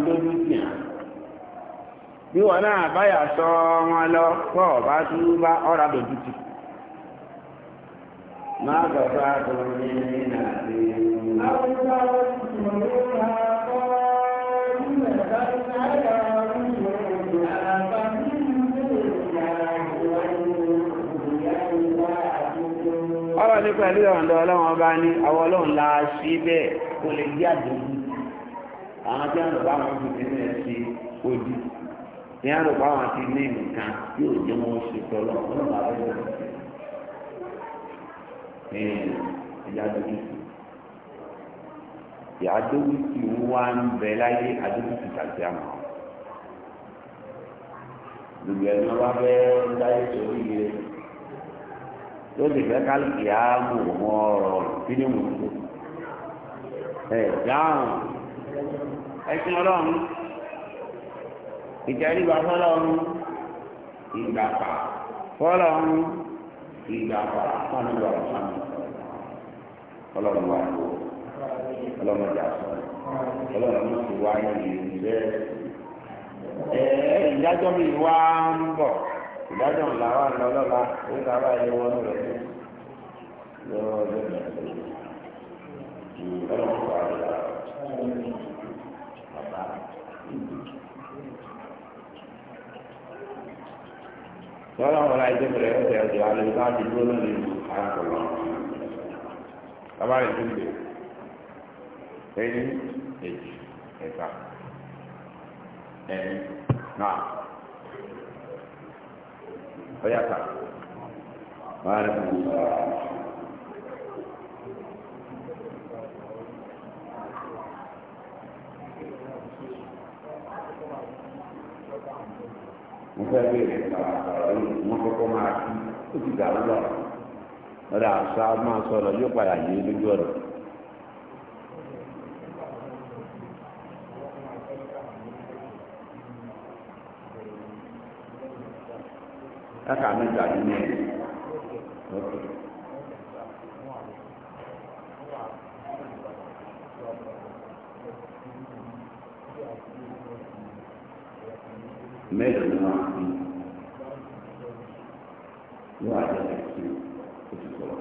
bí wọn náà báyà sọ wọn lọ pọ̀ bá tún bá ọ̀rà dòjútì máa bàbá àtọ̀rọ̀ ní nàìjíríà. àwọn ìgbà wọn ti sọ̀rọ̀ lórí àkọ́ ìgbà ìgbà ìgbà. ọ̀rọ̀ nípa ẹ̀lú ní àwọn ọlọ́run la bẹ́ẹ̀ kò lè àdéhùn àwọn tí lọ bá wọn ní àrùkọ àwọn àti ní nǹkan yóò jẹ wọn ṣe tọlọ wọn bá rẹ lọ ẹyà dojú ìyá dojú tí wá ń bẹ láyé àmọ́ bá fẹ́ láyé yẹ tó fẹ́ mú ọ̀rọ̀ kí ni mo ń ìtẹríba fọ́lọ́run ìgbàpà fọ́lọ́run ìgbàpà fọ́lọ́run ọ̀sánmi ọlọ́run wà ló ọlọ́run ọjà sọ ọlọ́run ló ti wá ní ìlú bẹ́ẹ̀. ẹ ìdájọ́ mi wá ń bọ̀ ìdájọ́ ńlá wà ní ọlọ́ba ó ń sábà yẹ wọn lọ sí lọ́wọ́ ọjọ́ ìgbàlódé ọlọ́run wà lọ́wọ́ bàbá ìgbà. lọ́la wọn láì débẹ̀rẹ̀ ẹ̀sẹ̀ ẹ̀sẹ̀ alẹ́ láti dúró lórí arákùnrin bàbá rẹ̀ tó lè ẹni èjì ẹ̀ka ẹni náà ọ̀yàtà wàhálà fún mi. mo fẹ́ bèèrè nípa ọ̀rọ̀ yìí wọ́n kọ́kọ́ máa kí ó ti dàrú lọ. ọ̀rẹ́ àṣà máa sọ̀rọ̀ yóò padà yé lójú ọ̀rọ̀. Káka mi mẹ́rin ni wọ́n fi yóò àjẹ́ ẹ̀sìn oṣù sọ̀rọ̀.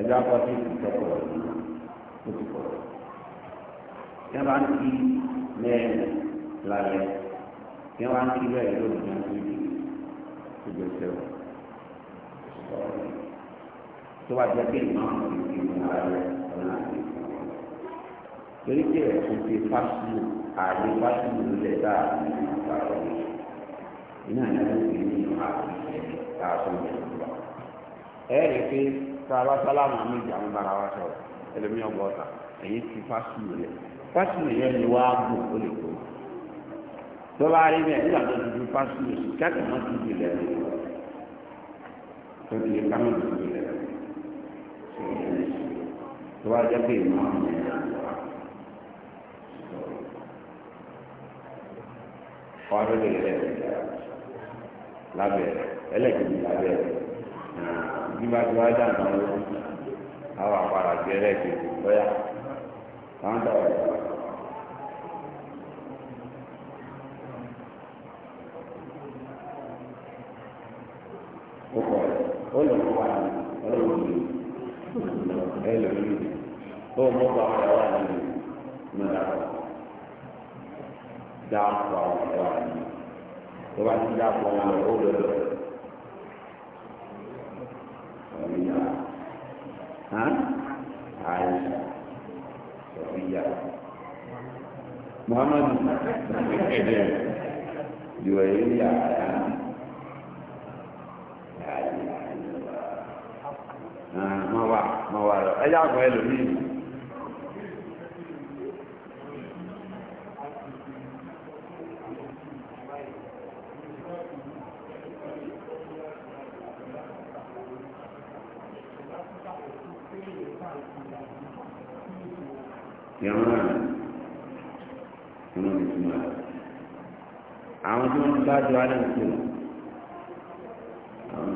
ẹjọ́ akọ́sí ìtọ́kọ̀ ọ̀dùn oṣù sọ̀rọ̀. yẹn bá ń kí mẹ́rin lálẹ́ yẹn bá ń kí bẹ́ẹ̀ lórí ìjọba ìgbésẹ̀ ìgbésẹ̀ tó bá jẹ́ pé ìmọ̀ àwọn ìgbìmọ̀ ara rẹ̀ ọ̀nà àti torí pé ẹ̀sùn ti fásitì ààyè fásitì lulẹ̀ dáàbò nípa ọ̀rọ̀ iná ìyàwó ti ní àtúnṣe káàtó ìjọba. ẹ rí i pé sábà sálámù àmì ìjà ń bára wa sọ̀rọ̀ ẹlẹ́mí ọgbà ọ̀tà ẹ̀yìn ti fásitì lulẹ̀ fásitì yẹn ni wàá gùn ó lè kó. tọ́ba rí bẹ́ẹ̀ nígbà tó ti di fásitì kẹ́kẹ́ mọ́ ti di lẹ̀ tó ti di kámẹ́rù ti di lẹ̀ tó ti di tọ́ba jẹ́ pé ìmọ̀ ọ̀hún قابل للعلم لا بد لكن لا بد بما تواجه أنه أو عبارة جريك بيع فأنت Hello, hello. Oh, mobile, I want to. No. dáàbò àwọn ọ̀gá yìí tó bá ti dáàbò àwọn ọ̀gá ó lọ́dọ̀ ọ̀rìyà hàn àìsà ọ̀rìyà muhammadu ẹ̀dẹ̀ yóò yẹ yà á yà á yà á yà á má wà má wà lọ ẹ yà á kọ́ ẹ lómi yìí. ṣáájú wa náà ń kí wọn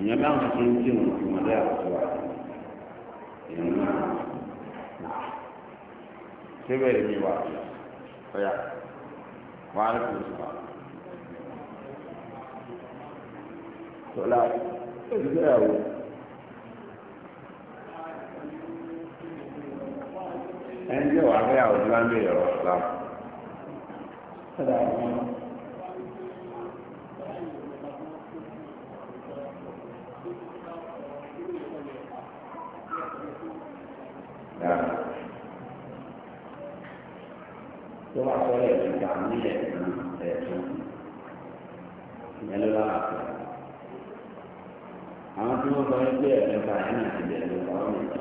ìyẹn bá wọn ṣe ń kí wọn kí wọn lé àwùjọ wa ìyẹn náà síbẹ̀ wà ọ̀yà wàá rí kò sùn wà. tọ́lá ìgbéyàwó. ẹni tí wàá fẹ́ ń bèèrè ọ̀rọ̀ sáà. ìjà nílẹ̀ ẹ̀ẹ́dùn ìyẹn ló lára fún un. àwọn tí wọ́n sọ wípé ẹ̀ẹ́dẹ́gbà ẹ̀ náà ti lẹ̀ ló bá wọn ìgbà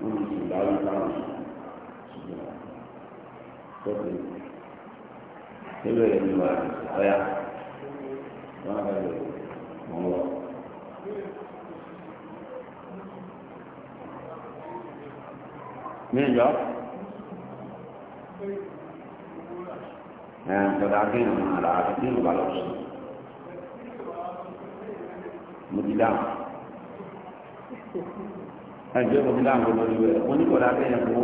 wọn wọn ti gbà wọn bá wọn ṣùgbọ́n tó fi ebe rẹ̀ ní wàá ọ̀yà wọn ẹ̀ǹtọ̀dá kéèyàn máa ra àti kéèyàn bá lọ sùn mo ti dáhùn ẹ̀jẹ̀ mo ti dáhùn gbogbo ìwé mo ní kọ̀dá kéèyàn kó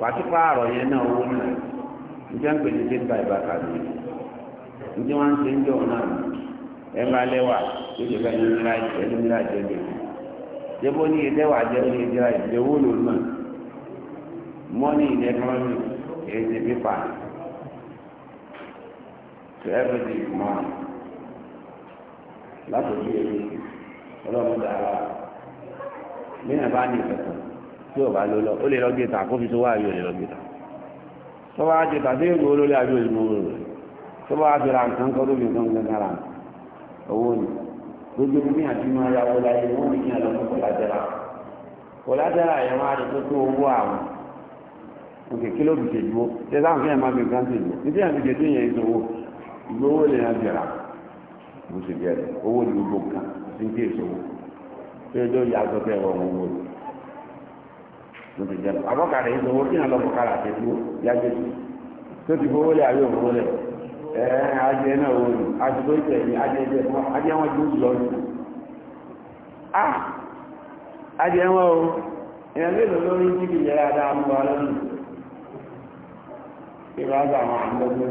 pàṣípààrọ̀ yẹn náà owó náà níjẹ́ ń pè ní dé báyìí bá kàdé níjẹ́ wọ́n ń ṣe ń jọ ẹ bá lẹ́wà tó ṣe fẹ́ ní ra ẹ̀ ní ra jẹ́ lé ní ilé wà jẹ́ ní ìdí ra ìdí owó lòún náà mọ́nì ìdí ẹ̀kọ́nọ́mì èdè pípa to everything man látòjú ọlọ́run bá ní ìfẹ́ kan. tí ó bá ló lọ ó lè lọ gẹta kó fi tó wá lè lọ tó bá tí èrò olórí ayò ìlú rẹ tó bá fi ra nǹkan kọ́ tó fi nǹkan owó ni gbogbo bí àti máa ya wọlé ayé wọn ní kí á fún yẹn tó tó owó àwọn òkè kí ló fi ṣe dúró ṣe sáà máa fi nǹkan ṣe dúró àti ló jẹ́ lọ abọ́kadà kí hàn lọ́kọ̀ kára àti tó ti fowó lẹ̀ àbí òfowó lẹ̀ ẹ̀ ajẹ́ náà o àwọn àmọ́gbọ́n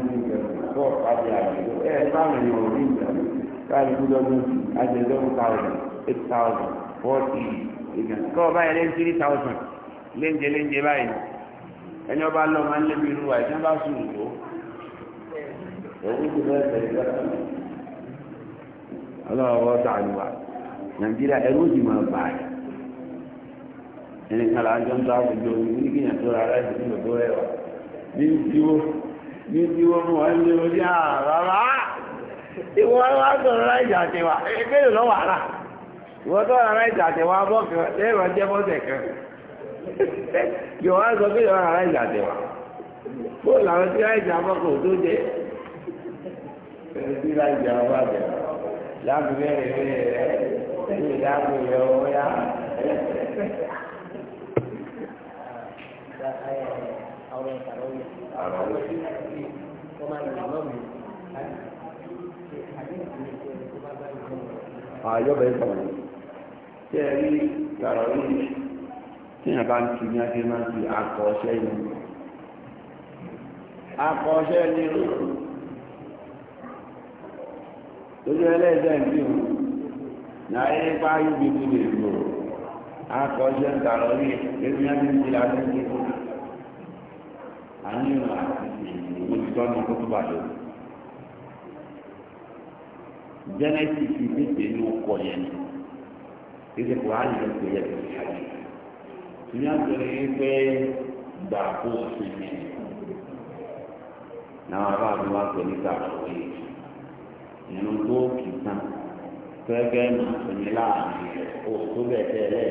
ní ìgbẹ̀rún bọ́ọ̀ kájí àjẹ́jọ́ ẹ̀ sáwọn èèyàn orí ìgbẹ̀rún káàdì gbúdọ̀gbọ̀n àjẹ́jọ́ 1000 8000 léńjẹ léńjẹ báyìí ẹni ọba lọ máa ń lébi irú wa ẹni ọba sùn ìlú ẹni tó bẹ́ẹ̀ tẹ̀lé lọ́sàn ọlọ́wọ́ sàánú wa nàìjíríà ẹrú òjì máa bà á ẹni kan là ń jọ àwùjọ omi ní kíyàn tó ra aláìsí ní òdó rẹ wa ní ìdíwó ní ìdíwó mú wọn lé orí àrárá ìwọ wa sọ̀rọ̀ láìsí àtẹwà ẹgbẹ́ ìlọ́wọ́ àrà ìwọ tó ra láìsí bọ́ọ̀kì lẹ́rọ̀ jẹ́ bọ́ọ̀sẹ̀ kan yọ̀wá sọ pé yọ̀wá ara ìjà tẹ̀wà bó làwọn tí láì jà fọ́kàn tó jẹ tí láì jà wà láàbù mẹ́rin mẹ́rin rẹ̀ ẹ̀yìn ìdáàbò yẹ ọwọ́ yá. Àyọ̀bẹ̀ sọ̀rọ̀. Ṣé ẹ rí tí yàn bá ń ti ní ajé máa ń fi akọ ọṣẹ yìí akọ ọṣẹ ní òòrùn lójú ẹlẹ́sẹ̀ ń bí òun náà ẹni bá yóò bí lè lò akọ ọṣẹ ń tààrọ rí ẹni yàn ti ń fi láti ń àníyàn àti ìmọ̀títọ́ ní kótó bàjẹ́ genesis ti tètè ní ọkọ yẹn ní ẹsẹ̀ kò á yẹ kó yẹ kó yẹ kó ìyá pèrè ń pẹ́ gbà kó sinmi náà bá mi wá pè ní gbàgbọ́ yìí ìlú tó kì í tán gẹ́gẹ́ màsìmí láàrin rẹ̀ ó tó bẹ̀ tẹ́lẹ̀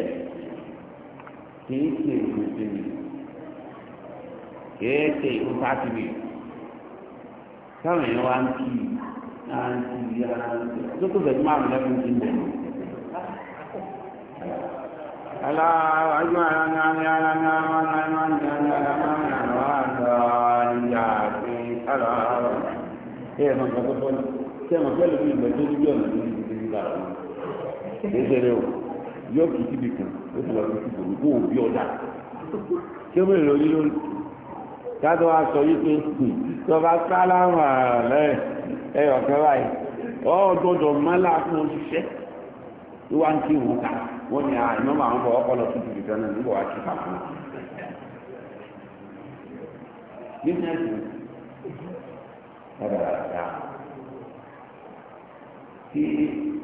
kì í ṣe ìlú sí mi kì í ṣe ìlú pátì mi táwọn èèyàn yóò kì í síbi kan ó ti lọ sí síbi òní kó o bí ọjà kí ó bèrè lórí lórí káàtó wa sọ yìí pé tí ọba sálámà rẹ ẹ ọ̀kẹ́ báyìí ọ̀ gbọ́dọ̀ mọ́lá fún òṣìṣẹ́. ló wá ń kí wọn ká wọn ni àìmọ́ máa ń bọ̀ ọpọlọ tuntun nìkan náà nígbà wá kí ká fún un. bísíǹsì lábàrà dá tí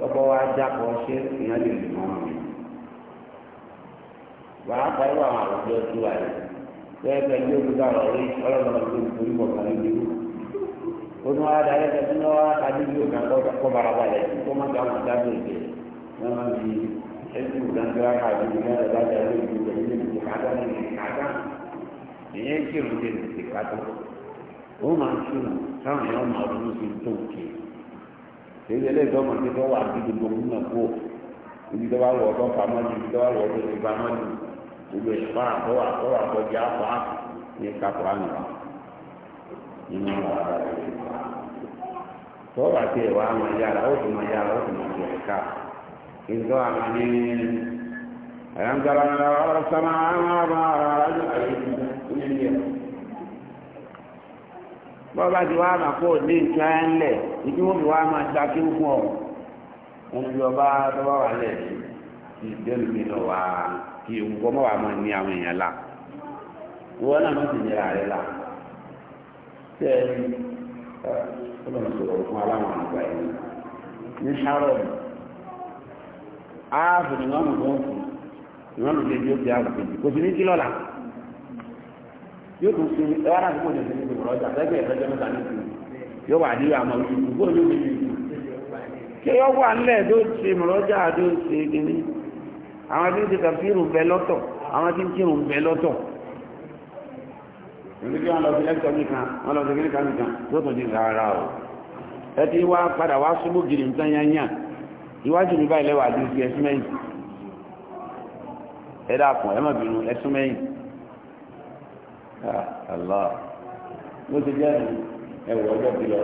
ọkọ wa jápọ̀ ṣé ìyá lè lè mọ́ mi. wàá wọ́n máa fi ẹ̀sìn ìdájọ́ ara àti ìdílé àdájọ́ ẹ̀rọ ìlú pẹ̀lú ìlú ìkàdá ní ìkàdá ìyẹn kí òun ṣe lè ìkàdá ó máa ń ṣùnà táwọn èèyàn máa ronú sí èyí tí wọ́n wà ní gbogbo ibi pamọ́ ju ibi pamọ́ ju gbogbo ìfọ́n àtọ́wà àtọ́wà àpá ní kápọ̀ إذ عاملين ألم تر أن الأرض السماء وما bọ́ọ̀bá ti wá máa kó ní nǹkan ẹ̀ ń lẹ̀ ìdí wọ́n fi wá máa gba kí wọ́n ọ̀ ń lọ bá tọ́wọ́ wà lẹ̀ kí ìdẹ́nu mi lọ wá kí nǹkan mọ́ wà máa ní àwọn èèyàn la wọ́n náà má sì ní ara la tẹ́ ẹ ọlọ́run sọ̀rọ̀ fún aláwọ̀ àgbà yìí ní sáró yìí. áàfù ni wọ́n mú fún ìwọ́n mú lébi fi áàfù kejì kò sí ní kí lọ́la yóò tún sun ẹ wá láti kó ní ìgbòho ọjà lẹ́gbẹ̀ẹ́ ìfẹ́jọ́ mẹ́ta ní yóò wà ní àmọ́ kí wà nílẹ̀ tó ṣe tó ṣe àwọn tí ń bẹ lọ́tọ̀ àwọn tí ń bẹ lọ́tọ̀ kí wọ́n lọ sí iwájú mi báyìí lẹ́wà àdúgbò ẹ̀sùn mẹ́yìn ẹ dákun ẹ má bínú ẹ̀sùn mẹ́yìn ah, Allah ló ti jẹ́ ẹ̀wọ̀ ọjọ́ bí lọ